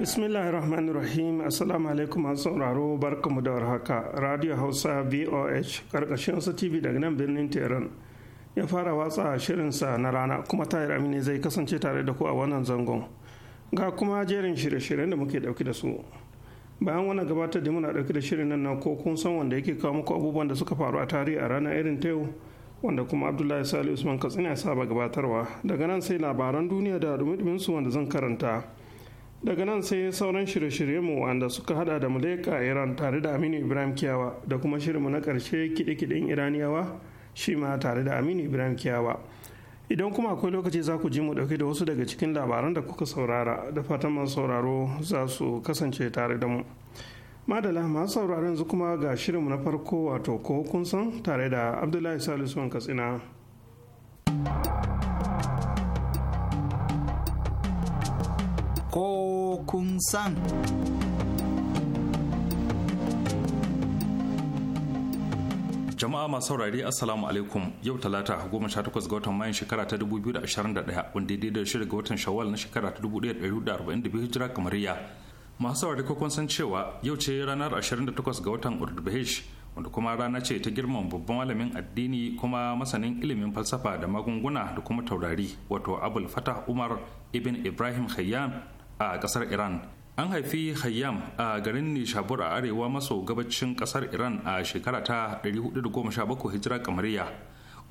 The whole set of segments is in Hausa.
bismillahir rahmanir rahim assalamu alaikum masu sauraro barkamu da warhaka radio hausa voh karkashin sa tv daga nan birnin tehran ya fara watsa shirinsa na rana kuma tahir amine zai kasance tare da ku a wannan zangon ga kuma jerin shirye-shiryen da muke dauki da su bayan wannan gabatar da muna dauki da shirin nan na ko kun san wanda yake kawo muku abubuwan da suka faru a tarihi a ranar irin ta yau wanda kuma abdullahi sali usman katsina ya saba gabatarwa daga nan sai labaran duniya da dumi su wanda zan karanta daga nan sai sauran shirye mu wanda suka hada da muleka iran tare da aminu ibrahim kiyawa da kuma shirinmu na karshe kiɗe-kiɗen iraniyawa shi ma tare da aminu ibrahim kiyawa idan kuma akwai lokaci za ku ji mu dauke da wasu daga cikin labaran da kuka saurara da fatan masu sauraro za su kasance tare da mu madala masu sauraron yanzu kuma ga shirinmu na farko wato ko kun san tare da abdullahi salisu katsina ko kun san. jama'a masu saurari assalamu alaikum yau talata 18 ga watan mayan shekara ta 2021 wanda daidai da shirya ga watan shawwal na shekara ta 1442 hijira kamariya masu saurari ko kun san cewa yau ce ranar 28 ga watan urdubahish wanda kuma rana ce ta girman babban malamin addini kuma masanin ilimin falsafa da magunguna da kuma taurari wato abul fatah umar ibn ibrahim khayyam a kasar iran an haifi hayyam a garin nishabur a arewa maso gabacin kasar iran a shekara ta 417 hijira kamariya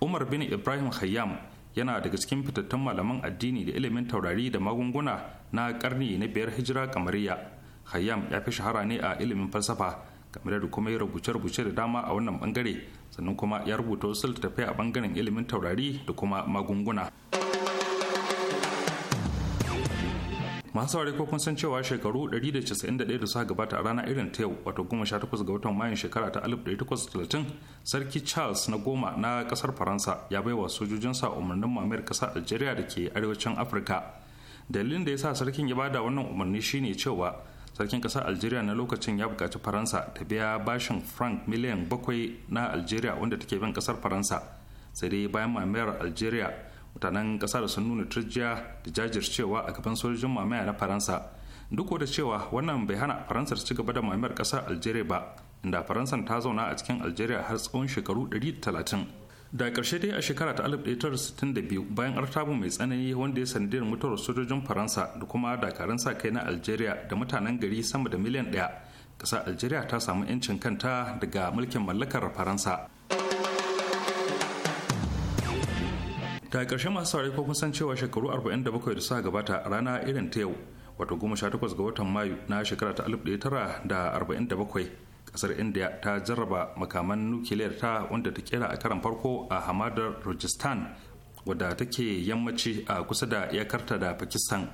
umar bin ibrahim hayyam yana daga cikin fitattun malaman addini da ilimin taurari da magunguna na karni na biyar hijira kamariya hayyam ya fi shahara ne a ilimin falsafa kamar da kuma ya rubuce-rubuce da dama a wannan bangare sannan kuma ya rubuta wasu littattafai a bangaren ilimin taurari da kuma magunguna masu saurari ko kun san cewa shekaru 191 da suka gabata a rana irin ta yau wato 18 ga watan mayun shekara ta 1830 sarki charles na goma na kasar faransa ya baiwa sojojinsa umarnin mamayar kasa algeria da ke arewacin afirka dalilin da ya sa sarkin ya bada wannan umarni shine cewa sarkin kasar algeria na lokacin ya bukaci faransa ta biya bashin frank miliyan bakwai na algeria wanda take bin kasar faransa sai dai bayan mamayar algeria mutanen kasar sun nuna turjiya da jajircewa a gaban sojojin mamaya na faransa duk da cewa wannan bai hana faransa ci gaba da mamayar kasar algeria ba inda faransa ta zauna a cikin algeria har tsawon shekaru 130 da ƙarshe dai a shekara ta 1962 bayan artabu mai tsanani wanda ya sanadiyar mutuwar sojojin faransa da kuma dakarun sa kai na algeria da mutanen gari sama da miliyan daya ƙasar algeria ta samu 'yancin kanta daga mulkin mallakar faransa ta ƙarshe masu saurari ko kun san cewa shekaru 47 da suka gabata rana irin ta yau wato 18 ga watan mayu na shekara ta 1947 kasar india ta jarraba makaman nukiliyar ta wanda ta kera a karan farko a hamadar rajasthan wadda take yammaci a kusa da yakarta da pakistan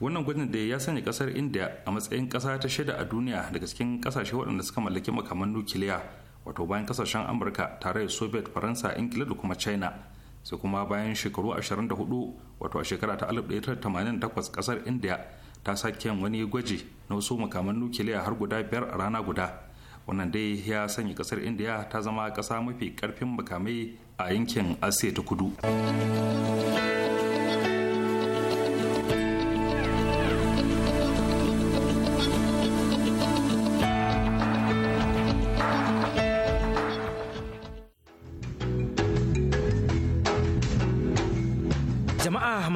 wannan gwajin da ya sanya kasar india a matsayin kasa ta shida a duniya daga cikin kasashe waɗanda suka mallaki makaman nukiliya wato bayan kasashen amurka tare da soviet faransa ingila da kuma china sai kuma bayan shekaru 24 wato a shekara ta 1988 kasar india ta sake wani gwaji na wasu makaman nukiliya har guda biyar a rana guda wannan dai ya sanya kasar india ta zama kasa mafi karfin makamai a yankin asiya ta kudu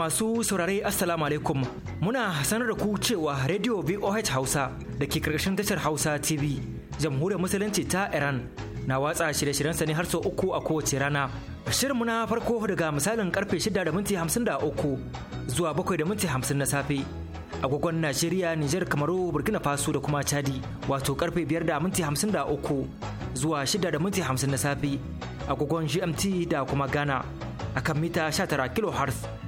Masu saurare Assalamu alaikum muna sanar da ku cewa Radio VOH Hausa da ke karkashin tashar Hausa TV jamhuriyar musulunci ta Iran na watsa shirye-shiryensa ne har sau uku a kowace rana. Shirinmu na farko daga misalin karfe shida da minti zuwa bakwai na safe. Agogon Najeriya, niger Kamaru, Burkina Faso da kuma Chadi wato karfe biyar da minti hamsin da zuwa shida da minti hamsin na safe. Agogon GMT da kuma Ghana akan mita 19 kHz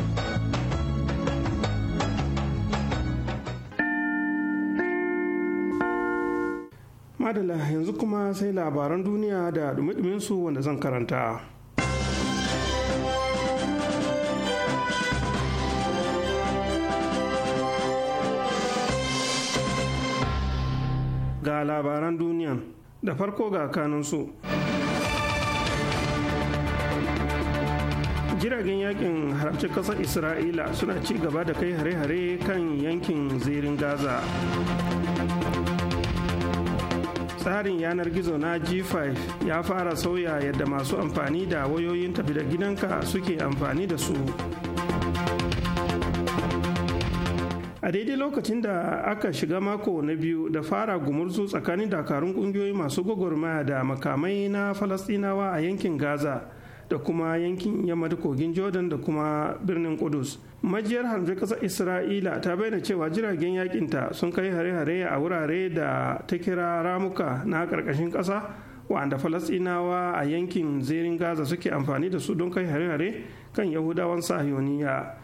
madala yanzu kuma sai labaran duniya da dumi su wanda zan karanta. Ga labaran duniya da farko ga su jiragen yakin harabci kasar isra'ila suna ci gaba da kai hare-hare kan yankin zirin gaza tsarin yanar gizo na g5 ya fara sauya yadda masu amfani da wayoyin tafi da gidanka suke amfani da su a daidai lokacin da aka shiga mako na biyu da fara gumurzu tsakanin dakarun kungiyoyi masu gwagwarmaya da makamai na falastinawa a yankin gaza da kuma yankin yamma da kogin jordan da kuma birnin kudus majiyar harbe ƙasar isra'ila ta bayyana cewa jiragen yakinta sun kai hare-hare a wurare da ta kira ramuka na karkashin kasa wa'anda falasɗinawa a yankin zirin gaza suke amfani da su don kai hare-hare kan yahudawan sahiyoniya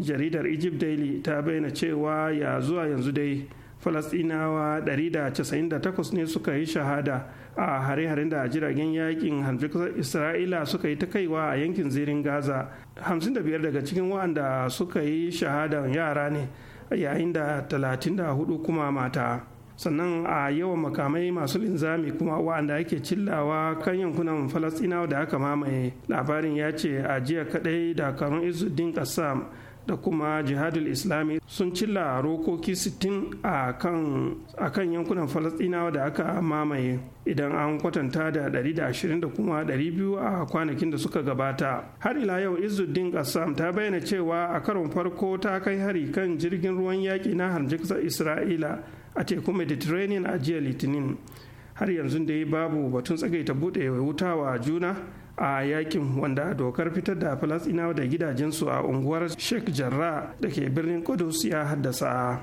jaridar egypt daily ta bayyana cewa ya zuwa yanzu dai falasɗinawa 198 ne suka yi shahada a hare-haren da jiragen yakin hanfikar isra'ila suka yi ta kaiwa a yankin zirin gaza 55 daga cikin waɗanda suka yi shahada yara ne yayin da 34 kuma mata sannan a yawan makamai masu linzami kuma wa'anda ake cillawa kan yankunan falasɗinawa da aka mamaye labarin ya ce a jiya kaɗai dakarun izuddin kassam da kuma jihadul islami sun cilla rokoki 60 a kan yankunan falastinawa da aka mamaye idan an kwatanta da 120 da kuma 200 a kwanakin da suka gabata har ila yau izuddin kassam ta bayyana cewa a karon farko ta kai hari kan jirgin ruwan yaƙi na harjiksa isra'ila a tekun mediterranean a jiya litinin har yanzu dai babu batun tsagaita buɗe wuta wa juna a yakin wanda dokar fitar da falasinawa da gidajensu a unguwar sheikh jarra da ke birnin kudus ya haddasa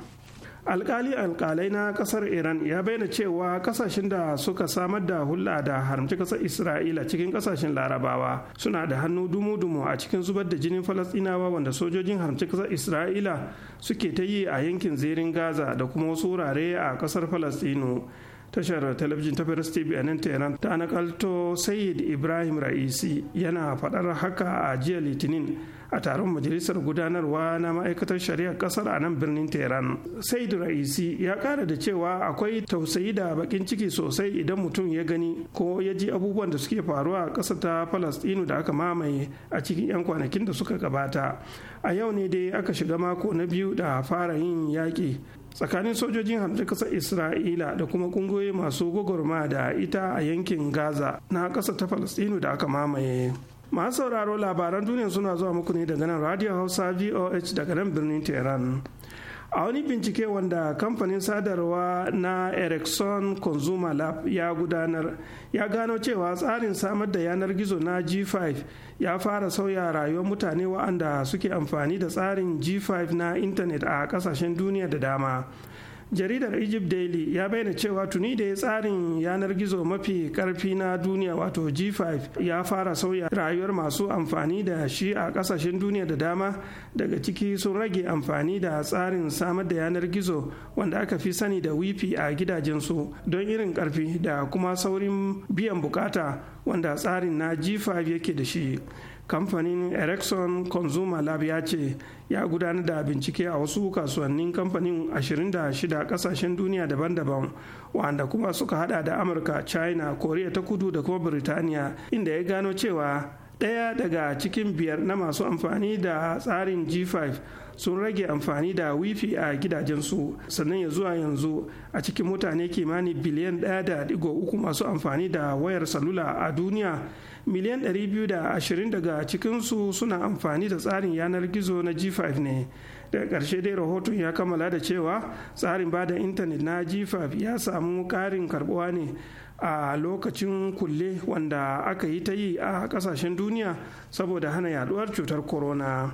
alkali alkalai na kasar iran ya bayyana cewa kasashen da suka samar da hulɗa da haramci kasar isra'ila cikin kasashen larabawa suna da hannu dumu-dumu a cikin zubar da jinin falasinawa wanda sojojin haramci kasar isra'ila suke ta yi a yankin zirin gaza da kuma wasu wurare a kasar Falasinu. tashar talabijin ta Paris TV a nan Tehran ta anakalto Sayyid Ibrahim Ra'isi yana faɗar haka a jiya Litinin a taron majalisar gudanarwa na ma'aikatar shari'ar kasar a nan birnin tehran said ra'isi ya ƙara da cewa akwai tausayi da bakin ciki sosai idan mutum ya gani ko ya ji abubuwan da suke faruwa a ƙasar ta falastinu da aka mamaye a cikin 'yan kwanakin da suka gabata a yau ne dai aka shiga mako na biyu da fara yin yaƙi tsakanin sojojin hamdar kasar isra'ila da kuma kungiyoyi masu gwagwarma da ita a yankin gaza na ƙasa ta falasdino da aka mamaye masu sauraro labaran duniya suna zuwa muku ne daga nan radio hausa voh daga nan birnin tehran a wani bincike wanda kamfanin sadarwa na ericsson consumer lab ya gudanar ya gano cewa tsarin samar da yanar gizo na g5 ya fara sauya rayuwar mutane waɗanda suke amfani da tsarin g5 na intanet a ƙasashen duniya da dama jaridar egypt daily ya bayyana cewa tuni da ya tsarin yanar gizo mafi karfi na duniya wato g5 ya fara sauya rayuwar masu amfani da shi a kasashen duniya da dama daga ciki sun rage amfani da tsarin samar da yanar gizo wanda aka fi sani da wifi a gidajensu don irin karfi da kuma saurin biyan bukata wanda tsarin na g5 yake da shi kamfanin ericsson consumer lab ya ce ya gudanar da bincike a wasu kasuwannin kamfanin 26 kasashen duniya daban-daban wanda kuma suka hada da amurka china korea ta kudu da kuma birtaniya inda ya gano cewa ɗaya daga cikin biyar na masu amfani da tsarin g5 sun rage amfani da wifi a gidajensu sannan ya zuwa yanzu a cikin mutane kimanin biliyan da uku masu amfani da wayar salula a duniya miliyan 220 daga cikinsu suna amfani da tsarin yanar gizo na g5 ne daga ƙarshe dai rahoton ya kammala da cewa tsarin bada intanet na g5 ya samu ƙarin karbuwa ne a lokacin kulle wanda aka yi ta yi a kasashen duniya saboda hana yaduwar cutar corona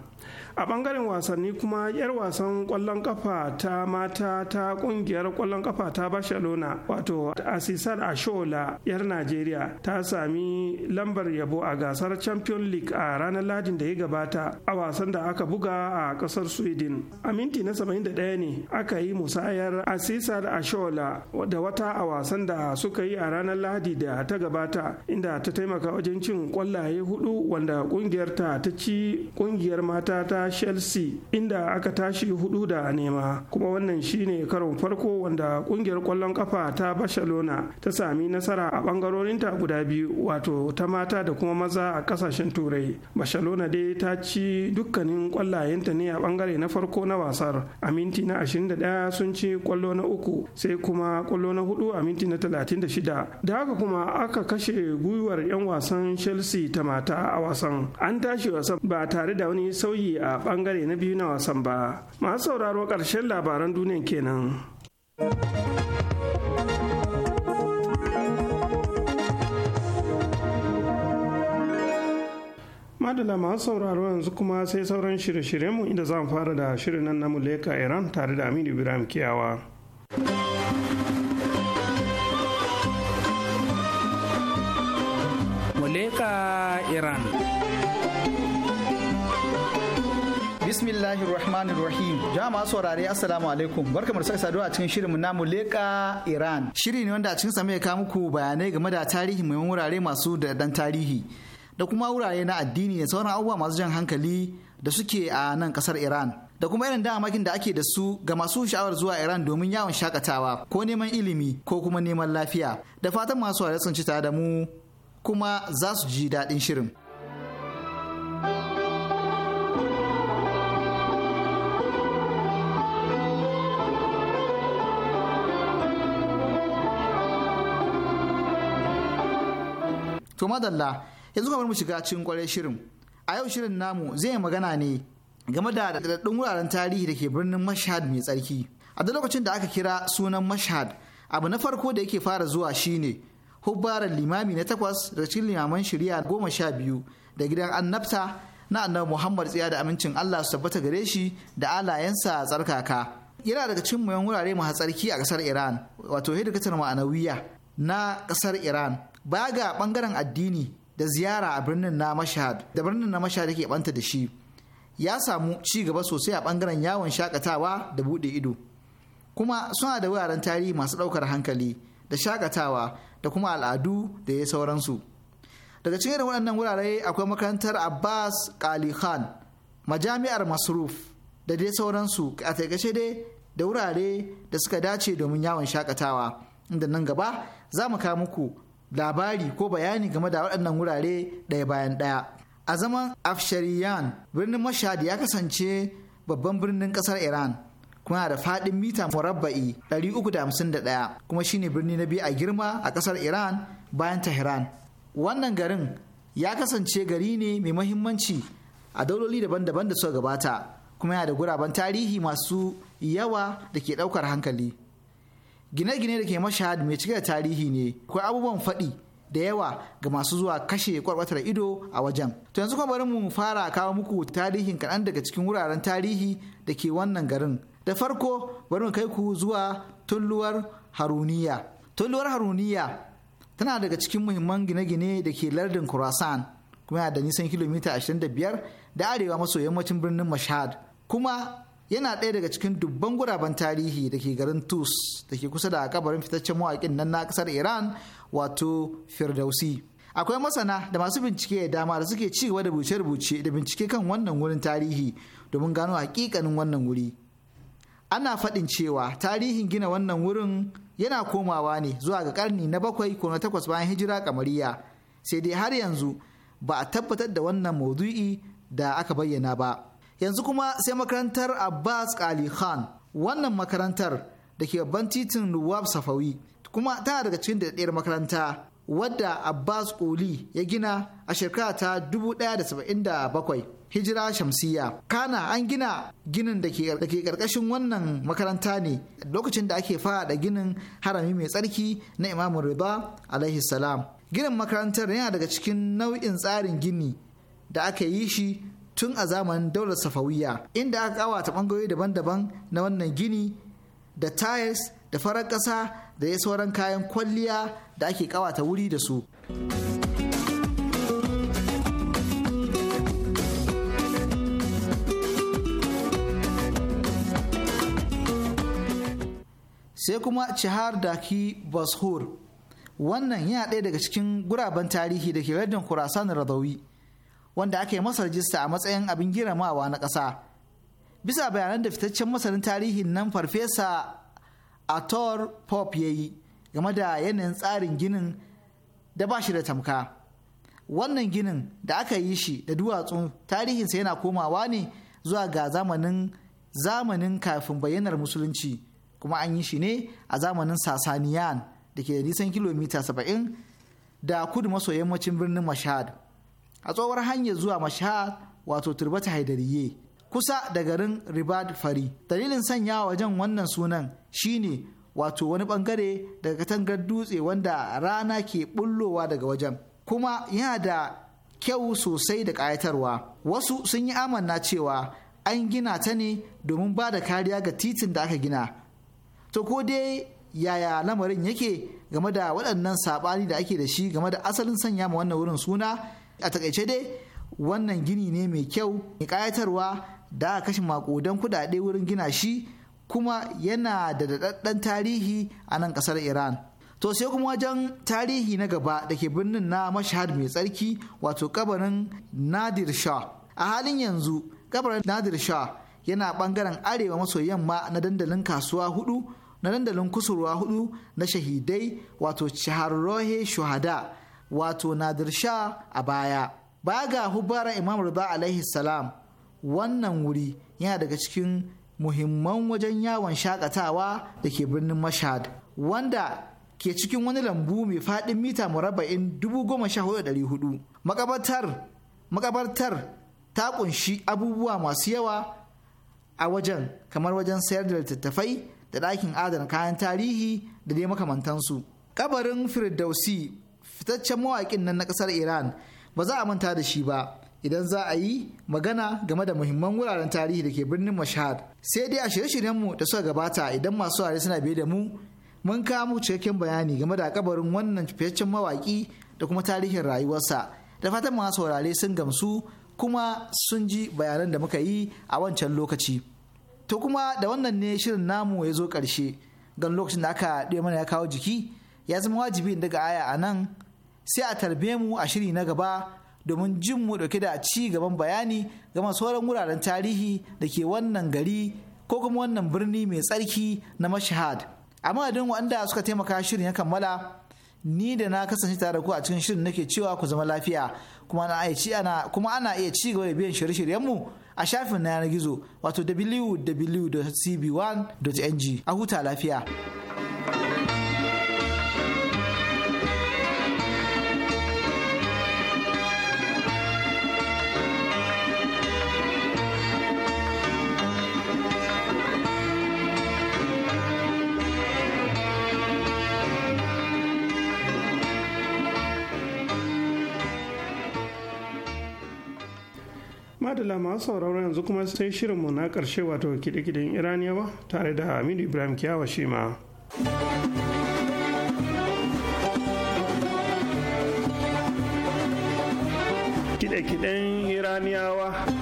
a bangaren wasanni kuma yar wasan kwallon kafa ta mata ta kungiyar kwallon kafa ta barcelona wato asisar ashola yar najeriya ta sami lambar yabo a gasar champion league a ranar ladin da ya gabata a wasan da aka buga a kasar sweden a minti na 71 ne aka yi musayar asisar ashola da wata a wasan da suka yi a ranar Ladi da ta gabata inda ta taimaka wajen cin kwallaye hudu wanda kungiyar ta ta ci kungiyar mata ta chelsea inda aka tashi hudu da nema kuma wannan shine karon farko wanda kungiyar kwallon kafa ta barcelona ta sami nasara a bangarorinta guda biyu wato ta mata da kuma maza a kasashen turai barcelona dai ta ci dukkanin kwallayenta ne a bangare na farko na wasar a minti na 21 sun ci kwallo na uku sai kuma kwallo na hudu a minti na 36 da haka kuma aka kashe gwiwar 'yan wasan chelsea ta mata a wasan an tashi wasan ba tare da wani sauyi a bangare na biyu na wasan ba masu sauraro ƙarshen labaran duniyan kenan madala masu sauraro yanzu kuma sai sauran shirye mu inda zan fara da shirin nan na muleka iran tare da aminu ibrahim kiyawa muleka iran bismillahirrahmanirrahim rahmanir rahim jama'a saurare assalamu alaikum barka mu sake saduwa a cikin shirin namu leka iran shiri ne wanda a cikin sa mai kawo muku bayanai game da tarihi mai wurare masu da dan tarihi da kuma wurare na addini da sauran abubuwa masu jan hankali da suke a nan kasar iran da kuma irin damakin da ake da su ga masu sha'awar zuwa Iran domin yawon shakatawa ko neman ilimi ko kuma neman lafiya. Da fatan masu sun ci tare da mu kuma za su ji daɗin shirin. to madalla yanzu kamar mu shiga cikin kwarai shirin a yau shirin namu zai magana ne game da daɗaɗɗun wuraren tarihi da ke birnin mashhad mai tsarki a duk lokacin da aka kira sunan mashhad abu na farko da yake fara zuwa shine hubbaran limami na takwas da cikin limaman shari'a goma sha biyu da gidan annabta na annabi muhammad tsiya da amincin allah su tabbata gare shi da alayensa tsarkaka yana daga cikin muyan wurare masu tsarki a kasar iran wato hidikatar ma'anawiya na ƙasar iran ba ga bangaren addini da ziyara a birnin na mashahad da birnin na mashahad yake banta da shi ya samu ci gaba sosai a bangaren yawon shakatawa da buɗe ido kuma suna da wuraren tarihi masu ɗaukar hankali da shakatawa da kuma al'adu da ya sauransu daga cikin irin waɗannan wurare akwai makarantar abbas kali khan majami'ar masruf da dai sauransu a taikace dai da wurare da suka dace domin yawon shakatawa inda nan gaba za mu kawo muku labari ko bayani game da waɗannan wurare ɗaya bayan ɗaya. A zaman Afshariyan birnin Mashhad ya kasance babban birnin ƙasar Iran kuma da faɗin mita murabba'i 351 kuma shine birni na biyu a girma a ƙasar Iran bayan Tehran. Wannan garin ya kasance gari ne mai mahimmanci a dauloli daban-daban da suka gabata kuma yana da guraben tarihi masu yawa da ke ɗaukar hankali. gine-gine da ke mashahad mai cike da tarihi ne akwai abubuwan faɗi da yawa ga masu zuwa kashe kwarbatar ido a wajen to yanzu kuma bari mu fara kawo muku tarihin kaɗan daga cikin wuraren tarihi da ke wannan garin da farko bari mu kai ku zuwa tulluwar haruniya tulluwar haruniya tana daga cikin muhimman gine-gine da ke lardin Khorasan kuma da nisan kilomita 25 da arewa maso yammacin birnin Mashhad kuma yana ɗaya daga cikin dubban guraben tarihi da ke garin tus da ke kusa da kabarin fitaccen mawaƙin nan na ƙasar iran wato firdausi akwai masana da masu bincike da dama da suke ci gaba da rubuce-rubuce da bincike kan wannan wurin tarihi domin gano hakikanin wannan wuri ana faɗin cewa tarihin gina wannan wurin yana komawa ne zuwa ga karni na bakwai ko na takwas bayan hijira kamariya sai dai har yanzu ba a tabbatar da wannan maudu'i da aka bayyana ba. yanzu kuma sai makarantar abbas ali khan wannan makarantar da ke babban titin nuwab safawi kuma ta daga cikin daɗaɗɗiyar makaranta wadda abbas oli ya gina a shekara ta 1977 hijira shamsiya kana an gina ginin da ke ƙarƙashin wannan makaranta ne lokacin da ake fara da ginin harami mai tsarki na imamu riba alaihi salam ginin makarantar yana daga cikin nau'in tsarin gini da aka yi shi tun a zamanin daular safawiya inda aka kawata bangarori daban-daban na wannan gini da tiles da farar ƙasa da ya sauran kayan kwalliya da ake kawata wuri da su. sai kuma cihar daki bashur wannan yana ɗaya daga cikin guraben tarihi da ke kurasa na radawi wanda aka yi masa rajista a matsayin abin giramawa na ƙasa. Bisa bayanan da fitaccen masanin tarihin nan farfesa Ator Pop ya yi game da yanayin tsarin ginin da ba shi da tamka. Wannan ginin da aka yi shi da duwatsu tarihinsa yana komawa ne zuwa ga zamanin zamanin kafin bayyanar musulunci kuma an yi shi ne a zamanin Sasaniyan da ke da nisan kilomita 70 da kudu maso yammacin birnin Mashhad. a tsohuwar hanyar zuwa mashahar wato turbata haidariye kusa da garin ribad fari dalilin sanya wajen wannan sunan shine wato wani bangare daga katangar dutse wanda rana ke bullowa daga wajen kuma yana da kyau sosai da ƙayatarwa wasu sun yi amanna cewa an gina ta ne domin ba da kariya ga titin da aka gina to ko dai yaya lamarin yake game da waɗannan saɓani da ake da shi game da asalin sanya ma wannan wurin suna a takaice dai wannan gini ne mai kyau mai kayatarwa da aka kashe makudan kudade wurin gina shi kuma yana da daɗaɗɗen tarihi a nan ƙasar iran to sai kuma wajen tarihi na gaba da ke birnin na mashahad mai tsarki wato kabarin nadir shah a halin yanzu kabarin nadir shah yana bangaren arewa maso yamma na dandalin kasuwa hudu na dandalin kusurwa hudu na shahidai wato shahararrohe shuhada wato nadir sha a baya baya ga hubara imam rida alaihi salam wannan wuri yana daga cikin muhimman wajen yawon shakatawa da ke birnin mashad. wanda ke cikin wani lambu mai faɗin mita murabba'in hudu. makabartar ta kunshi abubuwa masu yawa a wajen kamar wajen sayar da littattafai da ɗakin adana kayan tarihi da dai makamantansu kabarin firdausi fitaccen mawaƙin nan na ƙasar iran ba za a manta da shi ba idan za a yi magana game da muhimman wuraren tarihi da ke birnin mashhad sai dai a shirye-shiryenmu da suka gabata idan masu ware suna biye da mu mun kawo cikakken bayani game da kabarin wannan fitaccen mawaƙi da kuma tarihin rayuwarsa da fatan masu saurare sun gamsu kuma sun ji bayanan da muka yi a wancan lokaci to kuma da wannan ne shirin namu ya zo ƙarshe gan lokacin da aka ɗaya mana ya kawo jiki ya zama wajibi daga aya a nan sai a tarbe mu a shiri na gaba domin jin mu dauke da ci gaban bayani game sauran wuraren tarihi da ke wannan gari ko kuma wannan birni mai tsarki na mashahad a madadin wanda suka taimaka shirin ya kammala ni da na kasance tare da ku a cikin shirin nake cewa ku zama lafiya kuma ana iya ci gaba da biyan shirye-shiryenmu a shafin na yanar gizo wato www.cb1.ng a huta lafiya. madala masu sauraron yanzu kuma sai shirinmu na ƙarshe wato kide-kiden iraniyawa tare da aminu ibrahim kyawa shima kide-kiden iraniyawa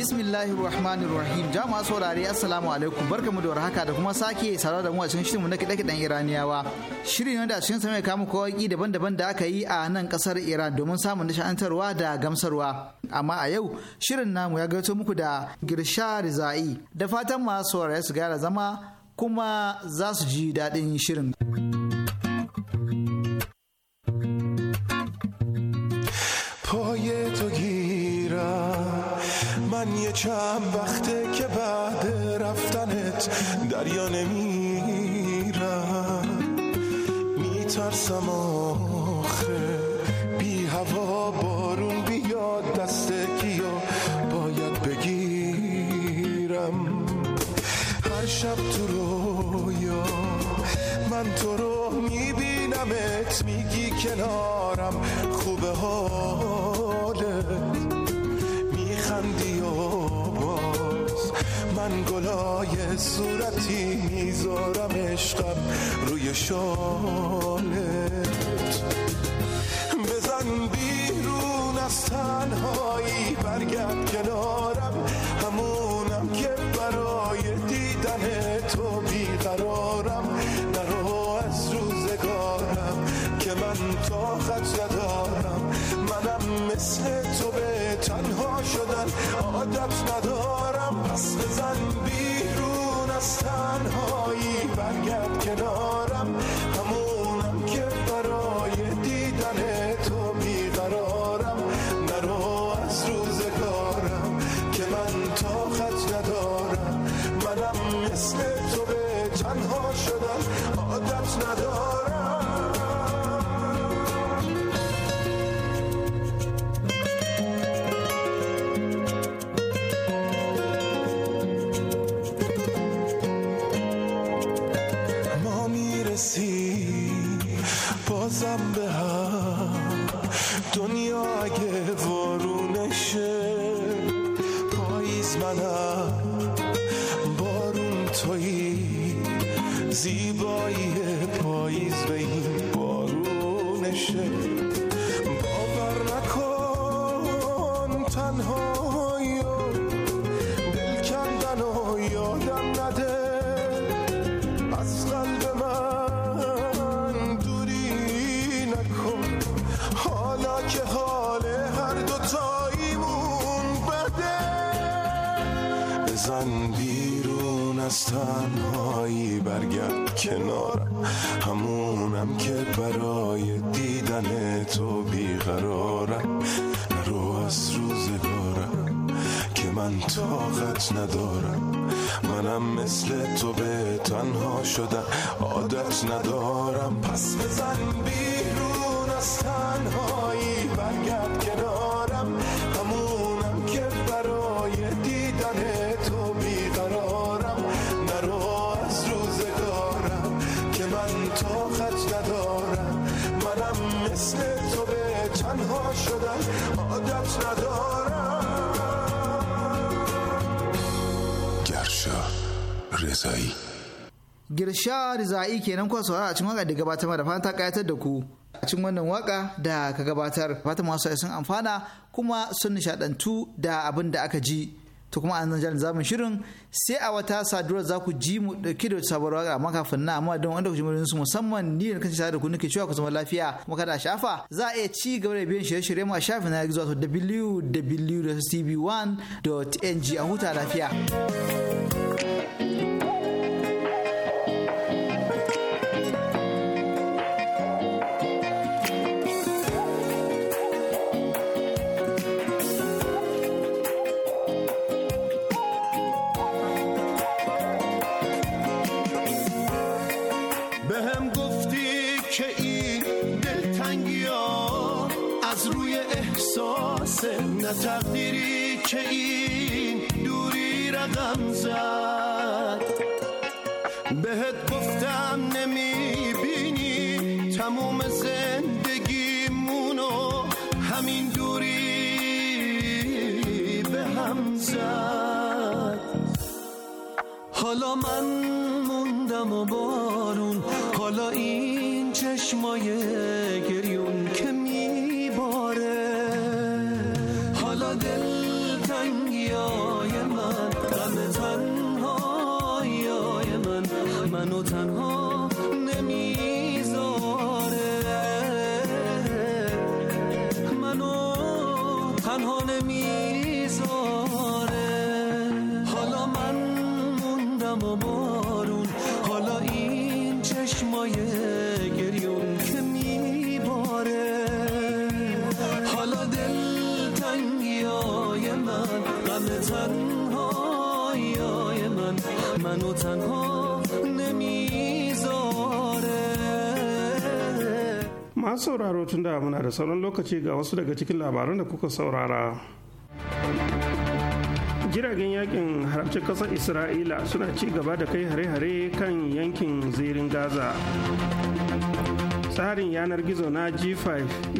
bismillahir rahmanir rahim jama'a saurare assalamu alaikum barkamu da warhaka da kuma sake saurara da mu a cikin shirinmu na kiɗe-kiɗen iraniyawa shirin wanda a cikin sa mai kamu kawaki daban-daban da aka yi a nan kasar iran domin samun nishantarwa da gamsarwa amma a yau shirin namu ya gaito muku da girsha riza'i da fatan masu saurare su gyara zama kuma za su ji daɗin shirin. چند وقته که بعد رفتنت دریا نمیرم میترسم آخه بی هوا بارون بیاد دست کیا باید بگیرم هر شب تو یا من تو رو میبینمت میگی کنار گلای صورتی میذارم عشقم روی شالت بزن بیرون از تنهایی برگرد کنارم همونم که برای دیدن تو بیقرارم نرو از روزگارم که من طاقت ندارم منم مثل تو به تنها شدن عادت ندارم از بزن بیرون از تنها از تنهایی برگرد کنارم همونم که برای دیدن تو بیقرارم نرو از روزگارم که من طاقت ندارم منم مثل تو به تنها شدن عادت ندارم پس بزن بیرون از تنها girsha rizai girsha rizai kenan kuwa saurara a cikin waka da gabatar da ta kayatar da ku a cikin wannan waka da ka gabatar fata masu sun amfana kuma sun nishadantu da abin da aka ji to kuma an zan zamun shirin sai a wata saduwar za ku ji mu dauke da sabuwar waka amma kafin na amma don wanda ku ji mu su musamman ni da kanci tare da ku nake cewa ku zama lafiya kuma kada shafa za a iya ci gaba da biyan shirye-shirye mu a shafin na gizo wato www.tv1.ng a huta lafiya. واسه نه تقدیری که این دوری رقم زد بهت گفتم نمی نمیبینی تموم زندگیمونو همین دوری به هم زد حالا من موندم و بارون حالا این چشمای منو تنها نمیذاره masu sauraro tun da muna da sauran lokaci ga wasu daga cikin labaran da kuka saurara jiragen yakin harabcin kasar isra'ila suna ci gaba da kai hare-hare kan yankin zirin gaza tsarin yanar gizo na g5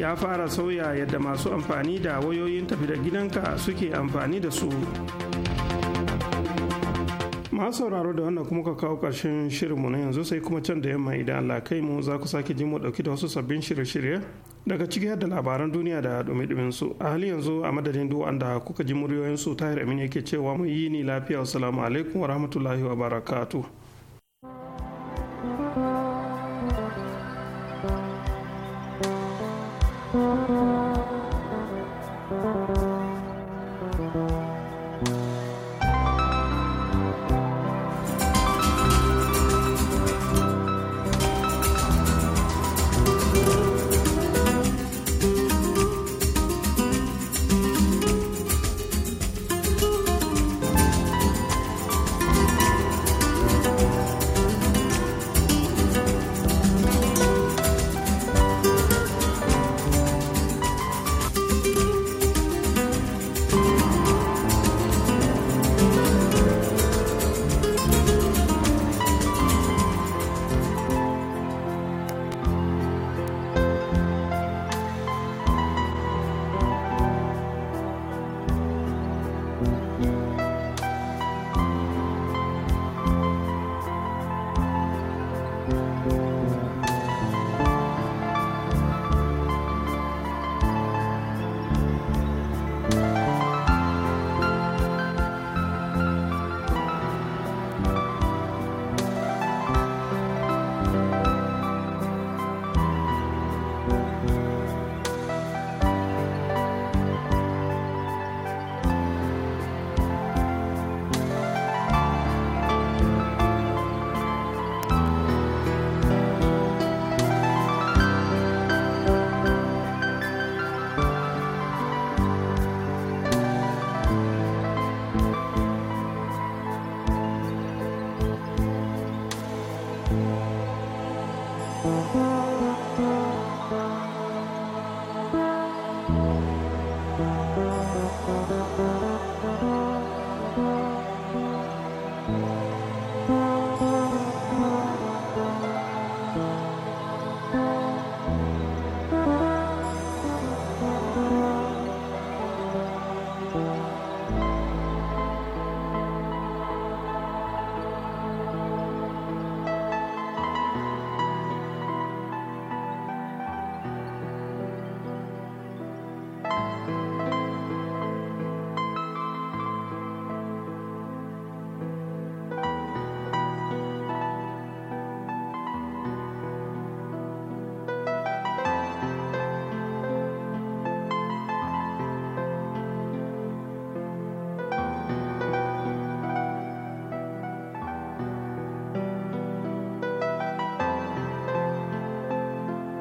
ya fara sauya yadda masu amfani da wayoyin tafi da gidanka suke amfani da su masu sauraro da wannan kuma ka kawo ƙarshen shirinmu na yanzu sai kuma can da yamma idan Allah kai mu za ku sake ji mu ɗauki da wasu sabbin shirye-shirye daga ciki da labaran duniya da dumi su a halin yanzu a madadin duk wanda kuka ji muryoyin su tahir amin yake cewa mu yi ni lafiya assalamu alaikum wa rahmatullahi wa barakatuh